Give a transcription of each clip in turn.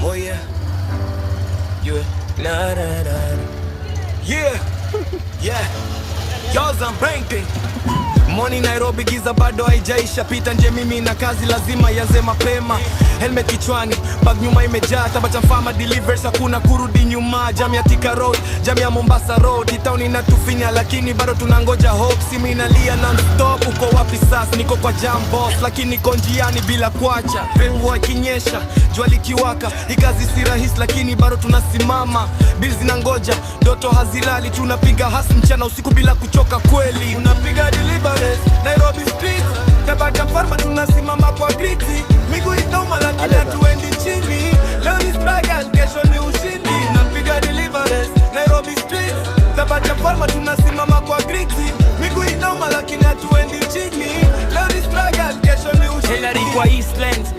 Oh yeah. You nah nah nah, Yeah. yeah. you alls some brain Kwani Nairobi giza bado haijaisha, pita nje, mimi na kazi lazima yanze mapema. Helmet kichwani, bag nyuma imejaa, taba cha fama delivers, hakuna kurudi nyuma. Jam ya Thika Road, jam ya Mombasa Road, town inatufinya lakini bado tunangoja hope. Simu inalia non stop, uko wapi sasa? Niko kwa jam boss, lakini niko njiani bila kuacha. Mvua ikinyesha, jua likiwaka, ikazi si rahisi, lakini bado tunasimama. Bills zinangoja, ndoto hazilali, tunapiga hasi mchana usiku bila kuchoka, kweli unapiga deliver tunasimama kwa griti, miguu lakini hatuendi chini. Leo ni struggle, kesho ni ushindi. Napiga deliverance Nairobi tunasimama kwa griti, miguu lakini hatuendi chini. Leo ni struggle, kesho ni ushindi. kwa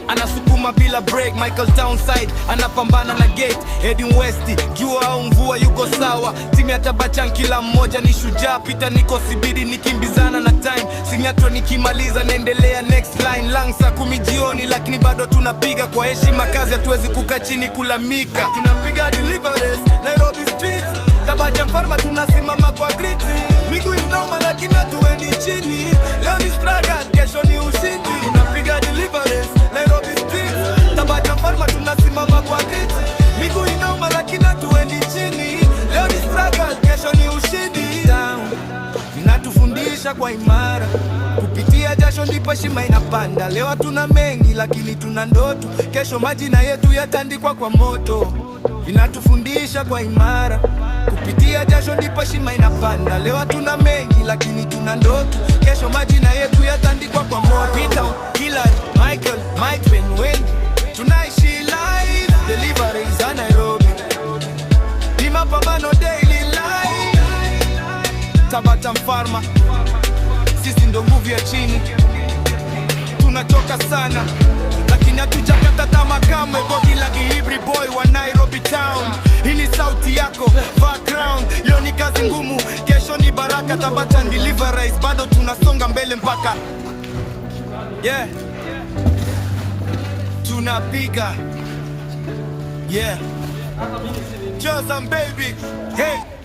anasukuma bila break, Michael Townside anapambana na gate, Edin West, jua au mvua yuko sawa. Timu ya Tabachan kila mmoja ni shujaa, pita niko sibidi nikimbizana na time Nyato nikimaliza naendelea next line lang saa kumi jioni, lakini bado tunapiga kwa heshima kazi, hatuwezi kuka chini kulamika, tunapiga deliveries Nairobi streets, Tabaja Mfarma, tunasimama kwa griti, miguu mnoma, lakini hatuendi chini. Leo ni struggle, kesho ni ushindi, tunapiga deliveries Nairobi streets, Tabaja Mfarma, tunasimama kwa griti maisha kwa imara, kupitia jasho ndipo shima inapanda. Leo tuna mengi lakini tuna ndoto, kesho majina yetu yataandikwa kwa moto. Inatufundisha kwa imara, kupitia jasho ndipo shima inapanda. Leo tuna mengi lakini tuna ndoto, kesho majina yetu yataandikwa kwa moto. Peter, Hillary, Michael, Mike, Ben, Wendy, tunaishi life delivery za Nairobi, ni mapambano daily life Tabata Mfarma sisi ndo nguvu ya chini, tunachoka sana lakini hatujakata tamaa kamwe. Bogi la Kihibri boy wa Nairobi town, hii ni sauti yako background. Leo ni kazi ngumu, kesho ni baraka. Tabata Deliverance, bado tunasonga mbele mpaka yeah, tunapiga yeah, Choza baby hey.